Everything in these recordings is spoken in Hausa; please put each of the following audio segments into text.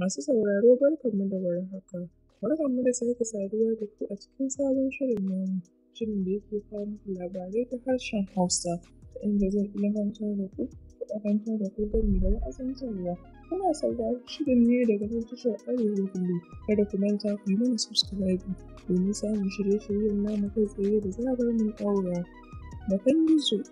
Masu sauraro barkanmu da haka. warhaka, mu da sake saduwa da ku a cikin sabon shirin namu, shirin da yake kawo muku labarai ta harshen Hausa ta inda zan ilmantar da ku, faɗakantar da ku gami da wa'azantarwa. Kuna sauraron shirin ne daga nan tashar Arewa Kullum, kada ku manta ku yi mana subscribe domin samun shirye-shiryen namu kai tsaye da zarar mun ɗaura. Bakan Yusu,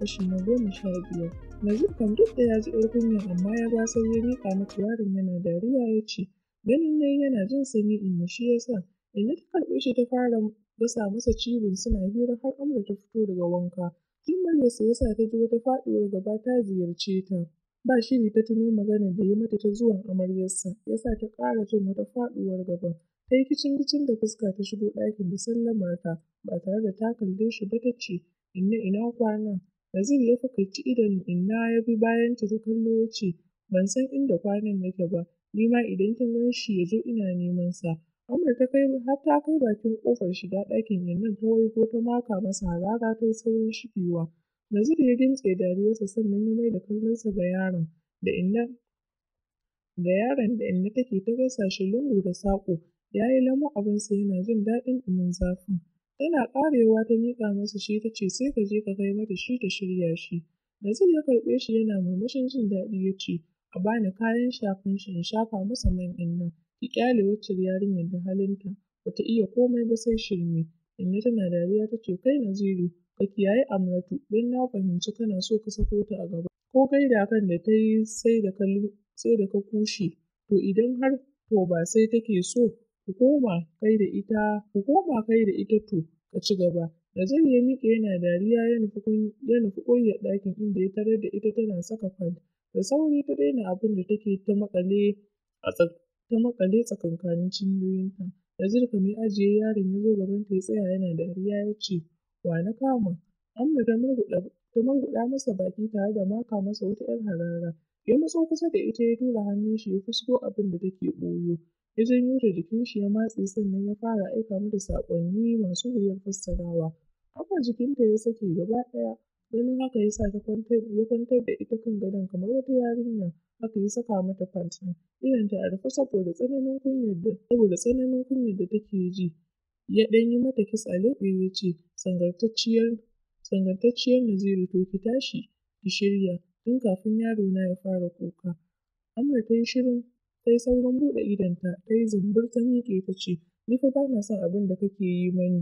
kashi na goma sha biyar. Najib duk da ya ji ‘yar amma ya basar ya miƙa mata yaron yana dariya ya ce, ganin dai yana jin sanyi Inna shi ya sa, Inna ta karɓe shi ta fara gasa masa cibin suna hira har Amurka ta fito daga wanka, jin muryarsa ya sa ta ji wata faɗuwar gaba ta ziyarce ta. Ba shiri ta tuno maganar da ya mata ta zuwan amaryarsa, ya sa ta ƙara jin wata faɗuwar gaban. Ta yi kicin-kicin da fuska ta shigo ɗakin da sallamar ta, ba tare da ta kalle shi ba ta ce, Inna ina kwana? Nazir ya fakaici idon Inna ya bi bayan ta kallo ya ce, Ban san inda kwanan yake ba, ni ma idan kin gan shi ya zo ina neman sa. Umar har ta kai bakin kofar shiga ɗakin Innan ta waigo ta maka masa harara ta yi saurin shigewa. Nazir ya dimtse dariyarsa sannan ya mai da kallonsa ga yaron da Inna da yaron da Inna take ta gasa shi lungu da saƙo, ya yi lamo abinsa yana jin daɗin ɗumin zafin. Tana ƙarewa ta miƙa masa shi ta ce sai ka je ka kai mata shi ta shirya shi. Nazir ya karɓe shi yana murmushin jin daɗi ya a bani kayan shafan shi in shafa masa man ɗin nan, ki ƙyale waccar yarinyar da halinta, ba ta iya komai ba sai shirme. Inna tana dariya ta ce kai Naziru ka kiyayi Amratu don na fahimci kana so ka sako ta a gaba, ko kai da kan da ta yi sai da ka kushe, to idan har to ba sai take so Ku koma kai da ita to ka ci gaba. Da Nazir ya miƙe yana dariya ya nufi ɗakin inda ya tarar da ita tana saka pant. Da sauri ta daina abin da take ta maƙale tsakankanin cinyoyinta. Da kam ya ajiye yaron ya zo gabanta ya tsaya yana dariya ya ce, wa na kama? Amma ta murguɗa masa baki tare da maka masa wata 'yar harara. Ya matso kusa da ita ya tura hannun shi ya kusko abin da take ɓoyo. Ya janyo jikin shi ya matse sannan ya fara aika mata saƙonni masu wuyar fassarawa. Haka jikinta ya sake gaba ɗaya, ganin haka ya sa ta kwantar ya kwantar da ita kan gadon kamar wata yarinya, haka ya saka mata pant ɗin, ta a rufe saboda tsananin kunyar da saboda tsananin kunyar da take ji. Ya ɗan yi mata kiss a leɓe ya ce, sangartacciyar sangantacciyar Naziru to ki tashi ki shirya tun kafin yaro na ya fara kuka. amma ta yi shiru. Ta yi saurin buɗe idonta, ta yi zumbur ta miƙe ta ce, Ni fa ba na son abin da kake yi mani,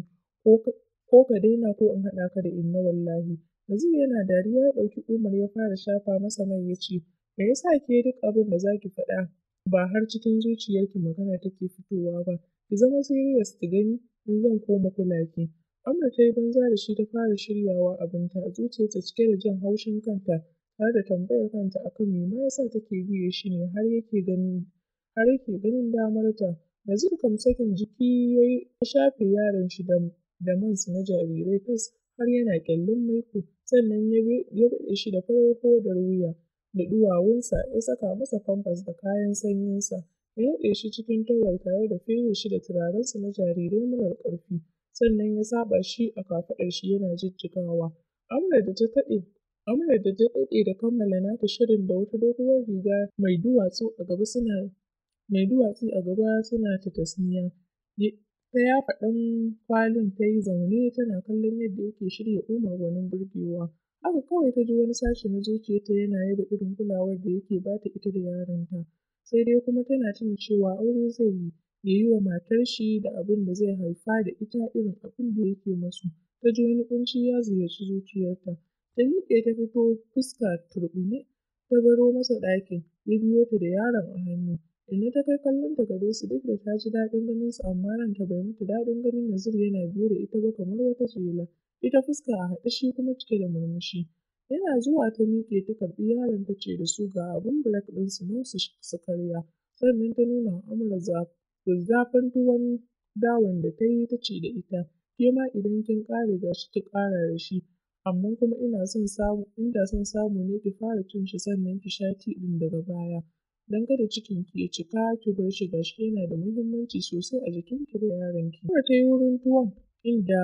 ko ka daina ko in haɗa ka da inna wallahi. yanzu yana dariya ya ɗauki Umar ya fara shafa masa mai ya ce, Me ya sa ke duk abin da za ki faɗa ba har cikin zuciyarki magana take fitowa ba, ki zama serious ki gani in zan koma kula ki. amma ta yi banza da shi ta fara shiryawa abinta, zuciyarta cike da jin haushin kanta har da tambayar kanta akan me ma ya sa take biye shi ne har yake ganin har yake ganin damarta. Nazir kam sakin jiki ya shafe yaron shi da da mansu na jarirai tas har yana ƙyallin maiko sannan ya baɗe shi da farar hodar wuya da duwawunsa ya saka masa famfas da kayan sanyinsa ya rufe shi cikin tawul tare da fere shi da turarensa na jarirai marar ƙarfi sannan ya saɓa shi a kafaɗar shi yana jijjigawa. Amrar da ta kaɗe Amurra da ta daɗe da kammala nata shirin da wata doguwar riga mai duwatsu a gaba suna ta tasniya, ta yafa ɗan kwalin tayi zaune tana kallon yadda yake shirya ƙumar gwanin burgewa, haka kawai ta ji wani sashe na zuciyarta yana yaba irin kulawar da yake bata ita da yaronta, sai dai kuma tana tuna cewa aure zai yi, ya yi wa matar shi da abin da zai haifa da ita irin abin da yake masu, ta ji wani ƙunci ya ziyarci zuciyarta. Ta miƙe ta fito fuska turɓune ta baro masa ɗakin, ya biyo ta da yaron a hannu, Inna ta kai kallon ta gare su duk da ta ji daɗin ganin su amma ran ta bai mata daɗin ganin Nazir yana biyo da ita ba kamar wata jela, ita fuska a haɗe shi kuma cike da murmushi. Yana zuwa ta miƙe ta karɓi yaron ta ce da su ga abin black su nan su karya, sannan ta nuna wa Amina tuwon dawan da ta yi ta ce da ita, ke ma idan kin ƙare ga shi ki ƙara da shi. Amma kuma ina son samu, inda son samu ne ki fara cin shi sannan ki sha ti ɗin daga baya, dan kada ki ya cika ki bar shi ga shi yana da muhimmanci sosai a jikin ki da yaron ki ta yi wurin tuwon, inda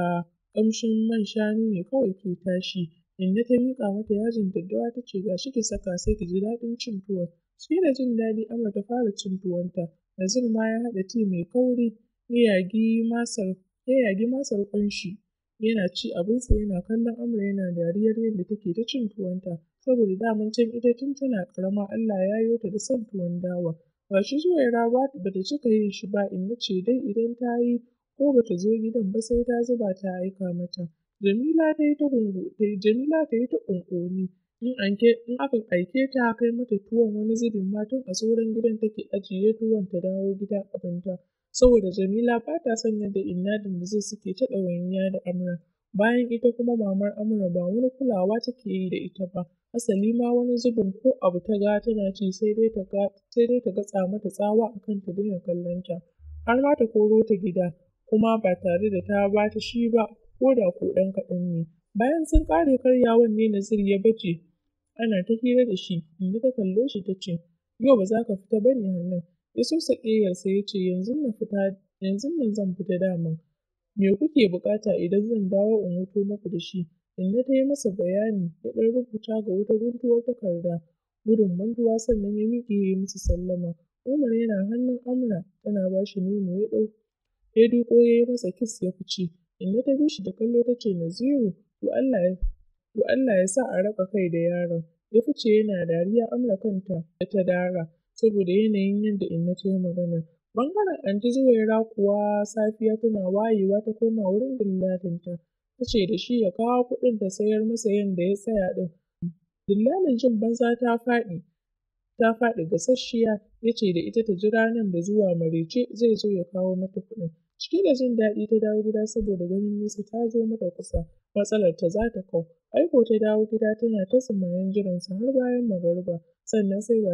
kamshin man shanu ne kawai ke tashi. inda ta miƙa mata yajin daddawa ta ce ga shi ki saka sai ki ji daɗin cin tuwon. Su da jin daɗi Amar ta fara cin tuwonta. yanzu ma ya haɗa ti mai kauri, ya yagi masar, ya yagi masar ƙwan yana ci abinsa yana kallon Amra yana dariyar yadda take ta cin tuwonta, saboda daman can ita tun tana ƙarama Allah ya yi ta da son tuwon dawa. Ba shi zuwa Zuwaira ba ta cika yin shi ba inna ce dai idan ta yi ko ba ta zo gidan ba sai ta zuba ta aika mata. Jamila ta yi ta ƙunƙuni. In aka aike ta kai mata tuwon wani zubin matan a tsoron gidan take ajiye tuwon ta dawo gida abinta, saboda Jamila ba ta son yadda Inna da Nazir suke ta ɗawainiya da Amra, bayan ita kuma Mamar Amra ba wani kulawa take yi da ita ba, asali ma wani zubin ko abu ta ga tana ci sai dai ta gatsa mata tsawa a kan ta daina kallon ta, har ma ta koro ta gida, kuma ba tare da ta bata shi ba ko da ko ɗan kaɗan ne. Bayan sun ƙare karyawan ne Nazir ya baje Ana ta hira da shi, Kande ta kallo shi ta ce, Yau ba za ka fita ba ne Hannatu? Ya sosa ƙeyarsa ya ce, Yanzun nan zan fita daman. Me kuke buƙata idan zan dawo in wuto muku da shi? Kande ta yi masa bayani, ya ɗan rubuta ga wata guntuwar takarda, gudun mantuwa sannan ya miƙe ya yi musu sallama. Umar yana hannun Amna tana ba shi nono ya duƙo ya yi masa kis ya fice. Kande ta bi shi da kallo ta ce, Naziru, to Allah ya To Allah ya sa a raba kai da yaron. Ya fice yana dariya Amra kanta da ta dara saboda yanayin yadda inna ta magana. magana Ɓangaren Anti zuwa kuwa safiya tana wayewa ta koma wurin dillalinta. Ta ce da shi ya kawo kuɗin ta sayar masa yadda ya tsaya ɗin. Dillalin jin banza ta faɗi. Ta faɗi gasasshiya ya ce da ita ta jira nan da zuwa maraice zai zo ya kawo mata kuɗin. Cike da jin daɗi ta dawo gida saboda ganin Nesa ta zo mata kusa, matsalar ta za ta kau. Aiko ta dawo gida tana ta tsummamen jiransa har bayan magariba, sannan sai ga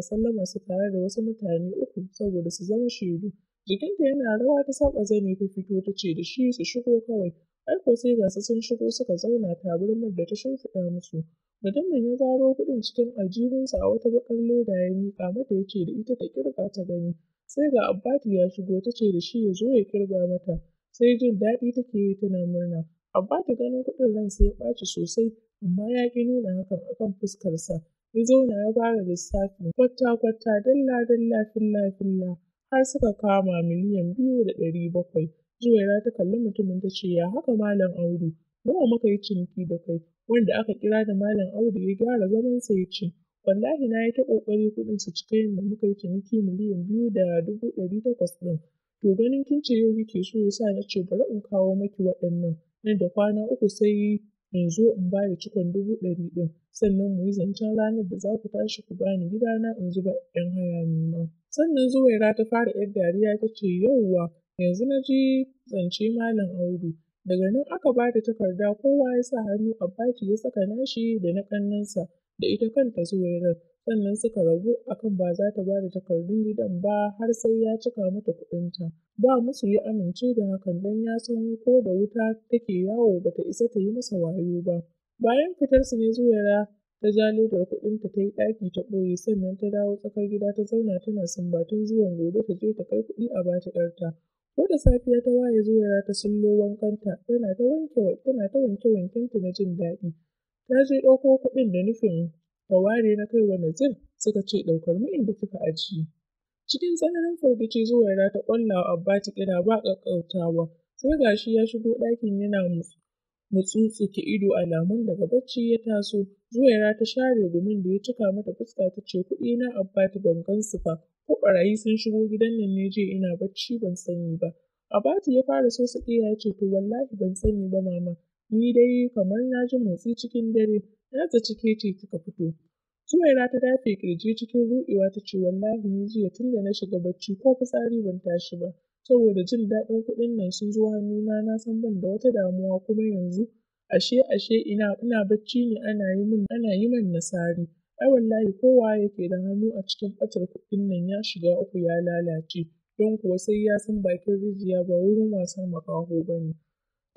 su tare da wasu mutane uku saboda su zama shaidu. Jikinta yana rawa ta saba zane ta fito ta ce da shi su shigo kawai. Aiko sai ga su sun shigo suka zauna tabarmar da ta shimfiɗa musu. Mutumin ya zaro kuɗin cikin aljihunsa a wata baƙar leda ya miƙa mata ya ce da ita ta ƙirga ta gani. sai ga Abbatu ya shigo ta ce da shi ya zo ya ƙirga mata, sai jin daɗi take yi tana murna. Abbatu ganin kuɗin ransa ya ɓaci sosai amma ya ƙi nuna hakan a kan fuskarsa. Ya zauna ya fara lissafi Kwata-kwata, dalla-dalla filla-filla har suka kama miliyan biyu da ɗari bakwai. Zuwaira ta kalli mutumin ta ce ya haka Malam Audu, nawa muka yi ciniki da kai? Wanda aka kira da Malam Audu ya gyara zamansa ya ce Wallahi na yi ta ƙoƙari kuɗin su cika da muka yi ciniki miliyan biyu da dubu ɗari takwas ɗin. To ganin kin ce yau kike so yasa sa na ce bari in kawo maki waɗannan nan da kwana uku sai in zo in ba da cikon dubu ɗari ɗin sannan mu yi zancen ranar da za ku tashi ku bani gidana in zuba ‘yan haya nima. Sannan Zuwaira ta fara ‘yar dariya ta ce yauwa yanzu na ji zance Malam Audu. Daga nan aka ba da takarda kowa ya sa hannu Abbati ya saka nashi da na ƙannansa da ita kanta Zuwairar, sannan suka rabu akan ba za ta ba takardun gidan ba har sai ya cika mata kuɗinta. Ba musu ya amince da hakan don ya san ko da wuta take yawo bata isa ta yi masa wayo ba. Bayan fitar su ne zuwa ta ja ledar kuɗinta ta yi ɗaki ta ɓoye sannan ta dawo tsakar gida ta zauna tana sumbatun zuwan gobe ta je ta kai kuɗi a bata 'yarta. ko da safiya ta waye zuwa ta sullo wankanta tana ta wanke tana ta wanke wankenta na jin daɗi Na je ɗauko kuɗin da nufin ta na kai wa Nazir suka ce ɗaukar mu inda kika ajiye. Cikin tsananin firgici ya ta ƙwalla wa ta ƙira ba ƙaƙƙautawa sai ga shi ya shigo ɗakin yana ke ido alamun daga bacci ya taso. zuwa ya ta share gumin da ya cika mata fuska ta ce kuɗi na Abba ta ban gan su ba ko ɓarayi sun shigo gidan nan ne jiya ina bacci ban sani ba. abati ya fara sosai ya ce to wallahi ban sani ba mama Ni dai kamar na ji motsi cikin dare, na zaci ke kika fito. Zuwaira ta dafe ƙirji cikin ruɗewa ta ce wallahi ni jiya tun da na shiga bacci ko fitsari ban tashi ba, saboda jin daɗin kuɗin nan sun zo hannuna na san ban da wata damuwa kuma yanzu ashe ashe ina ina bacci ne ana yi min nasari. Ai wallahi kowa yake da hannu a cikin ɓatar kuɗin nan ya shiga uku ya lalace, don kuwa sai ya san bakin rijiya ba wurin wasan makaho ba ne.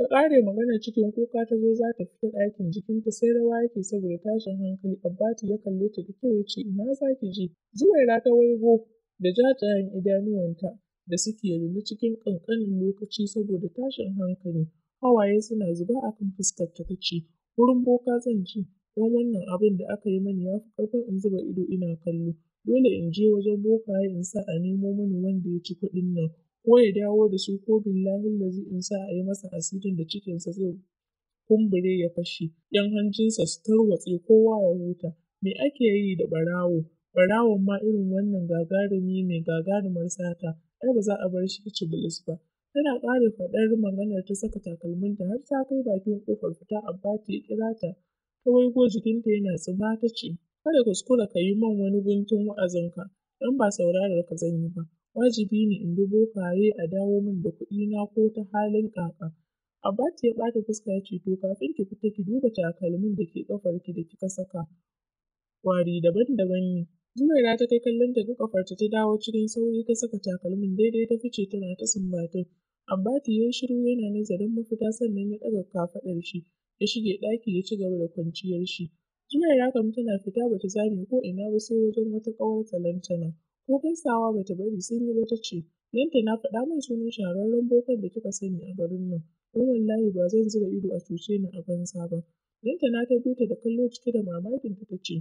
Ta ƙare maganar cikin kuka ta zo za ta fita ɗakin, jikinta sai rawa yake saboda tashin hankali. ta ya kalle ta da kyau ya ce, Ina za ki je? Zuwaira ta waigo da jajayen idanuwanta da suke rine cikin ƙanƙanin lokaci saboda tashin hankali. Hawaye suna zuba a kan fuskarta ta ce, Wurin boka zan je, don wannan abin da aka yi mani ya fi ƙarfin in zuba ido ina kallo. Dole in je wajen bokaye in sa a nemo mani wanda ya ci kuɗin nan. ko ya dawo da su ko billahi lazi in sa a yi masa asirin da cikinsa zai kumbure ya fashe yan hanjinsa su tarwatse kowa ya huta me ake yi da ɓarawo ɓarawon ma irin wannan gagarumi mai gagarumar sata ai ba za a bar shi cibulis ba tana ƙara faɗar maganar ta saka takalminta har ta kai bakin ƙofar fita abba ta ya kira ta ta waigo jikinta yana tsuma ta ce kada kuskura ka yi man wani guntun wa'azinka don ba saurarar ka zan yi ba Wajibi ne in bi bokaye a dawo min da kuɗi na ko ta halin ƙaƙa. abati ya ɓata fuska ya ce, to kafin ki fita ki duba takalmin da ke ƙafarki da kika saka, kwari daban-daban ne. zumaira ta kai ta ga ƙafarta ta dawo cikin sauri ta saka takalmin daidai ta fice tana ta sumbatar. abati ya shiru yana nazarin mafita sannan ya ɗaga kafaɗar shi ya shige ɗaki ya ci gaba da kwanciyar shi. zumaira kam tana fita bata zame ko ina ba sai wajen wata ƙawarta Lantana. Ko gaisawa ba ta bari sun yi ba ta ce, na faɗa min sunan shahararren bokan da kika sani a garin nan, don wallahi ba zan zira ido a cuce ni a banza ba. Lantana na bi ta da kallo cike da mamakin ta ce,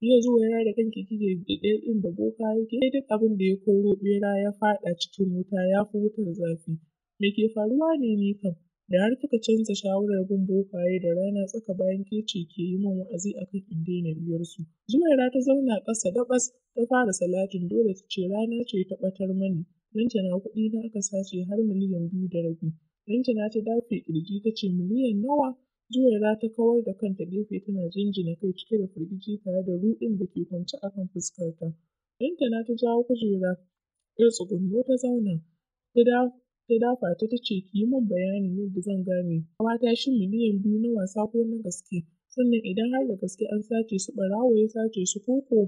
Yau wayar da kanki kike ɗin da boka yake, sai duk abin da ya koro ɓera ya faɗa cikin wuta ya fi wutar zafi, me ke faruwa ne ni kam? da har kika canza shawarar bin bokaye da rana tsaka bayan ke ce ke yi min wa'azi akan in daina biyar su. Zuwaira ta zauna ƙasa gabas ta fara salatin dole ta ce rana ce ta ɓatar mani, don na kuɗi na aka sace har miliyan biyu da rabi. Lantana ta dafe ƙirji ta ce miliyan nawa? Zuwaira ta kawar da kanta gefe tana jinjina kai cike da firgici tare da ruɗin da ke kwance a kan fuskarta. Lantana ta jawo kujera, ta tsugunno ta zauna. Ta ta dafa ta ta ce ki yi min bayanin yadda zan gane ƙawata shi miliyan biyu na wasa ko na gaske, sannan idan har da gaske an sace su ɓarawo ya sace su ko ko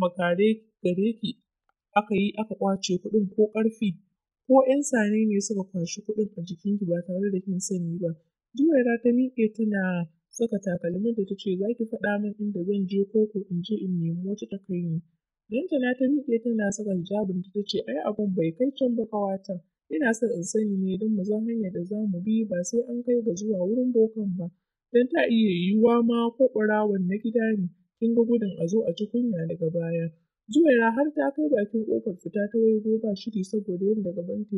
makare gare ki aka yi aka ƙwace kuɗin ko ƙarfi ko ƴan sane ne suka kwashi kuɗin a jikinki ba tare da kin sani ba. Zuwaira ta miƙe tana saka takalmin da ta ce za ki faɗa min inda zan je ko in je in nemi wata ta kai ni. ta miƙe tana saka hijabinta ta ce ai abun bai kai can ba kawata. Ina son in sani ne don mu san hanyar da za mu bi ba sai an kai ga zuwa wurin bokan ba, don ta iya yiwuwa ma ko ɓarawon na gida ne, kin ga gudun a zo a ci kunya daga baya. Zuwaira har ta kai bakin ƙofar fita ta waigo ba shiri saboda yadda gabanta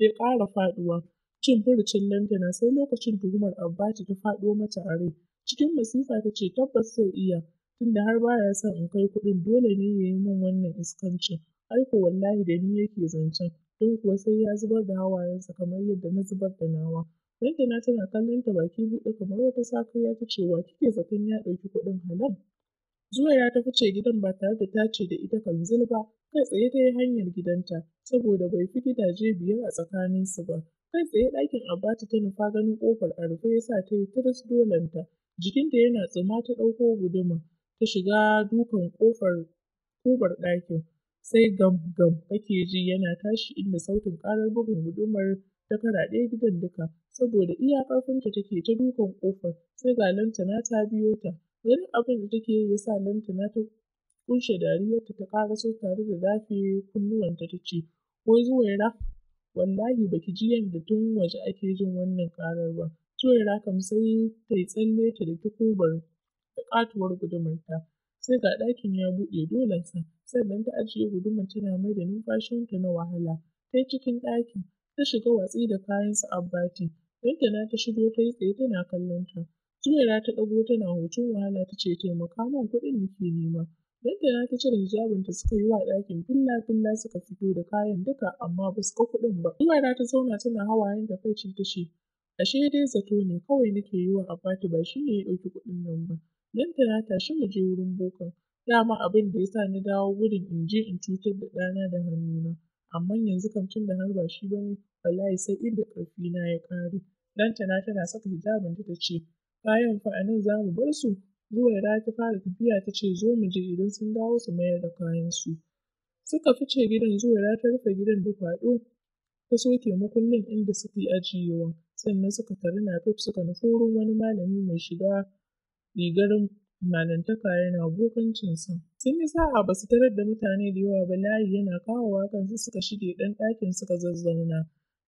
ya ƙara faɗuwa, Cin furucin Lantana sai lokacin tuhumar Abbati ta faɗo mata a rai, cikin masifa ta ce tabbas zai iya, tunda har baya ya son in kai kuɗin dole ne ya yi min wannan iskancin, ai wallahi da ni yake zancen, don kuwa sai ya zubar da hawayensa kamar yadda na zubar da nawa. Lantana tana kallon ta baki buɗe kamar wata sakarya ta ce wa kike zaton ya ɗauki kuɗin halal? ya tafi ce gidan ba tare da ta ce da ita kanzil ba, kai tsaye ta yi hanyar gidanta saboda bai fi gidaje biyar a tsakaninsu ba. Kai tsaye ɗakin Abbatu ta nufa ganin ƙofar a rufe ya sa ta yi tiris dolenta. Jikinta yana tsuma ta ɗauko guduma ta shiga dukan ƙofar kubar ɗakin. sai gam-gam kake ji yana tashi inda sautin ƙarar bugun gudumar ta karaɗe gidan duka, saboda iya ƙarfinta take ta dukan ƙofar, sai ga Lantana ta biyo ta. Wani abin da take yi ya sa Lantana ta ƙunshe dariyarta ta ƙara so tare da zafi kunnuwanta ta ce, wai Zuwaira, wallahi baki ji yadda tun waje ake jin wannan ƙarar ba. Zuwaira kam sai ta yi tsalle ta da ƙubar da ƙatuwar gudumarta. Sai ga ɗakin ya buɗe dolensa, sannan ta ajiye gudumar tana mai da numfashinta na wahala, ta cikin ɗakin, ta shiga watsi da kayan su Abbati, na ta shigo ta yi tsaye tana kallon ta. Zuwaira ta ɗago tana hoton wahala ta ce taimaka min kuɗin nake nema. na ta cire hijabinta suka yi wa ɗakin filla-filla suka fito da kayan duka amma ba su ga kuɗin ba. Zuwaira ta zauna tana hawayen da kai ta ce ashe dai zato ne kawai nake yi wa Abbati ba shi ne ya ɗauki kuɗin nan ba. Lantana tashi mu je wurin bokan, dama abin da ya sa na dawo gudun in je in cutar da ɗana da hannuna, amma yanzu kam da har ba shi ba ne, wallahi sai inda na ya ƙare. Dan tana saka hijabin ta ce, kayan fa a nan za mu bar su? Zuwa Zuwaira ta fara tafiya ta ce zo mu je idan sun dawo su mayar da kayan su Suka fice gidan zuwa Zuwaira ta rufe gidan da kwaɗo, ta soke makullin inda suke ajiyewa, sannan suka tari Napep suka nufi wurin wani malami mai shiga rigar malantaka yana bokancinsa. Sun yi sa'a ba su tarar da mutane da yawa ba layi yana kawowa kansu suka shige ɗan ɗakin suka zazzauna.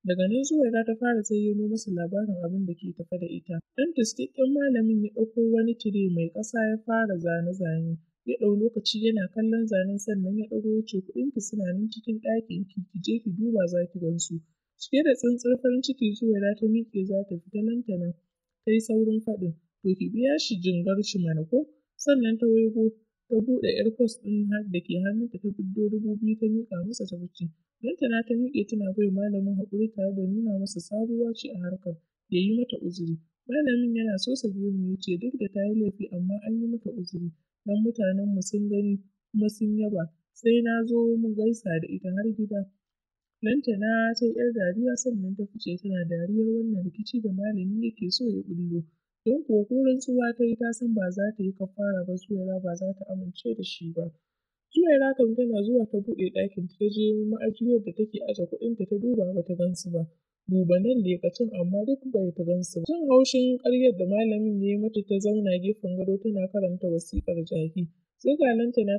Daga nan ya ta fara zayyano masa labarin abin da ke tafe da ita. Ɗan tiskikken malamin ya ɗauko wani tire mai ƙasa ya fara zane-zane. Ya ɗau lokaci yana kallon zanen sannan ya ɗago ya ce ki suna nan cikin ɗakin ki ki je ki duba za ki gansu. Cike da tsantsar farin ciki Zuwaira ta miƙe za ta fita nan ta nan. Ta saurin faɗin. to ki biya shi jingar shi mana ko sannan ta waigo ta buɗe yar kwas ɗin da ke hannunta ta fiddo dubu biyu ta miƙa masa ta fice lantana ta miƙe tana bai malamin haƙuri tare da nuna masa sabuwa ce a harkar ya yi mata uzuri malamin yana so sa gemu ya ce duk da ta yi laifi amma an yi mata uzuri don mutanen mu sun gani kuma sun yaba sai na zo mu gaisa da ita har gida lantana ta yi yar dariya sannan ta fice tana dariyar wannan rikici da malami yake so ya bullo don kuwa ko rantsuwa ta yi ta san ba za ta yi kafara ba Zuwaira ba za ta amince da shi ba. Zuwaira kam tana zuwa ta buɗe ɗakin, ta je ma'ajiyar da take aje kuɗin ta ta duba ba ta gansu ba. Duba nan leƙa amma duk bai ta gansu ba. Jin haushin ƙaryar da malamin ya yi mata ta zauna gefen gado tana karanta wasiƙar jaki. Sai ga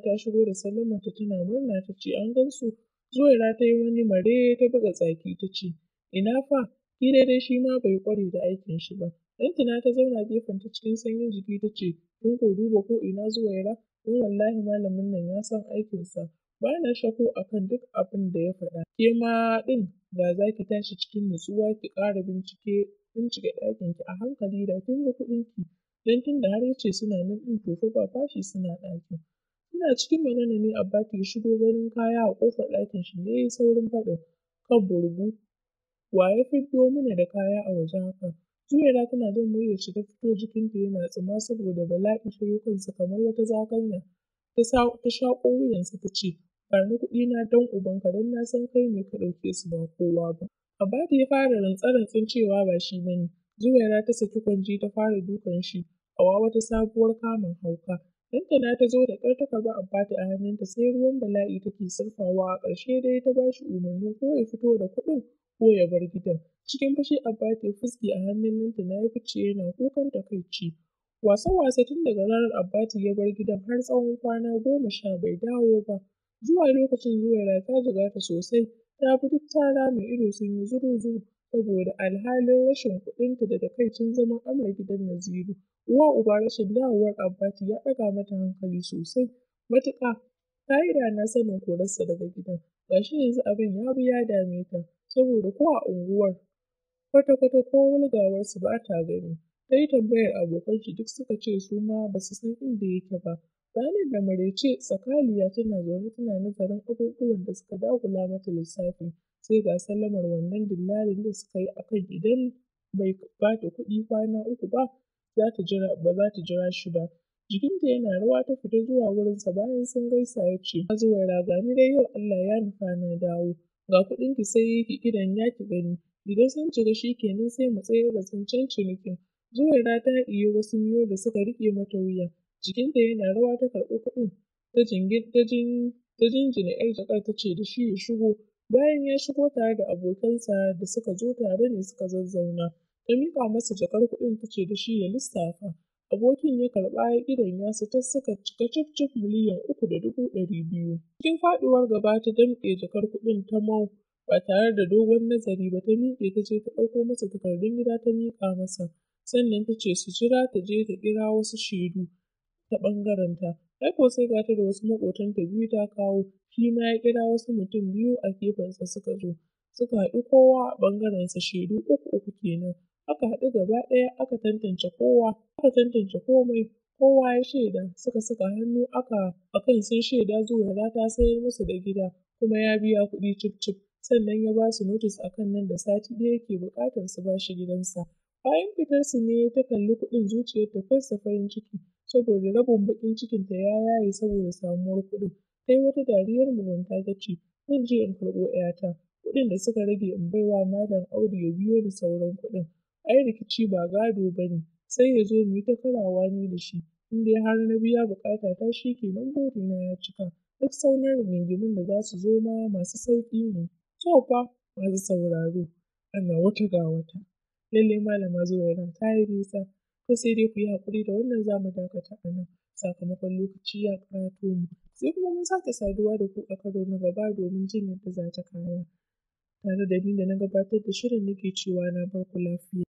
ta shigo da ta tana murna ta ce an gansu. Zuwaira ta yi wani mare ta buga tsaki ta ce ina fa, ki dai shi ma bai ƙware da aikin shi ba. Lantana ta zauna gefenta cikin sanyin jiki ta ce, "Kin ko duba ko'ina yara, Don wallahi malamin nan ya san aikinsa, ba na shakku a kan duk abin da ya faɗa. Ke ma ɗin da za ki tashi cikin nutsuwa ki ƙara bincike ɗakin ɗakinki a hankali da kin ga ki don tun da har ya ce suna nan ɗin to fa ba fashi suna ɗakin." Ina cikin magana ne Abba ya shigo ganin kaya a ƙofar ɗakin shi ne saurin faɗin, burgu. wa ya fiddo mana da kaya a waje haka?" Zuwaira tana jin shi ta fito ta yana tsuma saboda bala'i ta yo kansa kamar wata zakanya, ta shaƙo wuyansa ta ce, ba ni na don ubanka don na san kai ne ka ɗauke su ba kowa ba. Abadu ya fara rantsa rantsen cewa ba shi ba ne, Zuwaira ta saki kwanji ta fara dukan shi a wata sabuwar kamun hauka. na ta zo da ƙyar ta karɓi Abbatu a hannunta sai ruwan bala'i take surfawa a ƙarshe dai ta ba shi umarnin ko ya fito da kuɗin ko ya bar gidan. Cikin fushi Abbati ya fuski fiski a hannun Linta na ya fice yana kukan takaici. wasan wasa tun daga ranar Abbati ya bar gidan har tsawon kwana goma sha bai dawo ba. Zuwa lokacin Zuwaira ta ta sosai ta fi duk tara mai ido sun yi zuru-zuru saboda alhalin rashin kuɗinta da takaicin zaman amar gidan Naziru. Uwa uba rashin dawowar Abbati ya ɗaga mata hankali sosai matuƙa. Ta yi da na sanin korarsa daga gidan, gashi yanzu abin ya bi ya dame ta. saboda ko a unguwar kwata-kwata ko wulgawarsu ba ta gani. Ta yi tambayar abokan shi duk suka ce su ma ba su san inda yake ba. Ranar da maraice Sakaliya tana zaune tana nazarin abubuwan da suka dagula mata lissafi sai ga sallamar wannan dillalin da suka yi akan idan bai ba ta kuɗi kwana uku ba za ta jira ba za ta jira shi ba. Jikinta yana rawa ta fita zuwa wurinsa bayan sun gaisa ya ce, Azuwaira raga ni dai yau Allah ya nufa na dawo. Ga ki, sai ki ya ki gani, idan sun ciga shi kenan sai mu tsayar da zancen cinikin. Zuwaira ta haɗiye wasu miyo da suka rike mata wuya, jikinta yana rawa ta karɓi kuɗin, ta jinjina 'yar jakar ta ce da shi ya shigo. Bayan ya shigo tare da abokansa da suka zo tare ne suka zazzauna, ta miƙa masa jakar kuɗin ta ce da shi ya lissafa. Abokin ya karɓa ya ƙidanya su ta saka cika cif miliyan uku da dubu ɗari biyu, cikin faɗuwar gaba ta damƙe jakar kuɗin ta mau ba tare da dogon nazari ba ta miƙe ta je ta ɗauko masa takardun gida ta miƙa masa, sannan ta ce su jira ta je ta kira wasu shaidu ta ta ai ko sai ga da wasu maƙotanta biyu ta kawo, shi ma ya kira wasu mutum biyu a gefensa suka zo, suka haɗu kowa a ɓangaren sa shaidu uku-uku kenan. aka haɗu gaba ɗaya aka tantance kowa aka tantance komai kowa ya shaida suka saka hannu aka akan sun shaida zuwa ta sayar musu da gida kuma ya biya kuɗi cif cif sannan ya ba su notis akan nan da sati ɗaya yake buƙatar su ba shi gidansa bayan fitar su ne ta kalli kuɗin zuciyar ta fassa farin ciki saboda rabin baƙin cikin ta ya yaye saboda samuwar kuɗin sai wata dariyar mugunta ta ce zan je in karɓo 'yata kuɗin da suka rage in baiwa malam Audu ya biyo da sauran kuɗin ai rikici ba gado ba ne, sai ya zo mu yi ta karawa ni da shi, in dai har na biya ta shi ke nan na ya cika, duk sauran rigingimun da za su zo ma masu sauki ne. To fa masu sauraro, ana wata ga wata. Lalle Malama Zuwaira ta yi nisa, to sai dai ku yi haƙuri da wannan za mu dakata a sakamakon lokaci ya ƙarato mu. Sai kuma mun sake saduwa da ku a karo na gaba domin jin yadda za ta kaya. Tare da ni da na gabatar da shirin nake cewa na bar ku lafiya.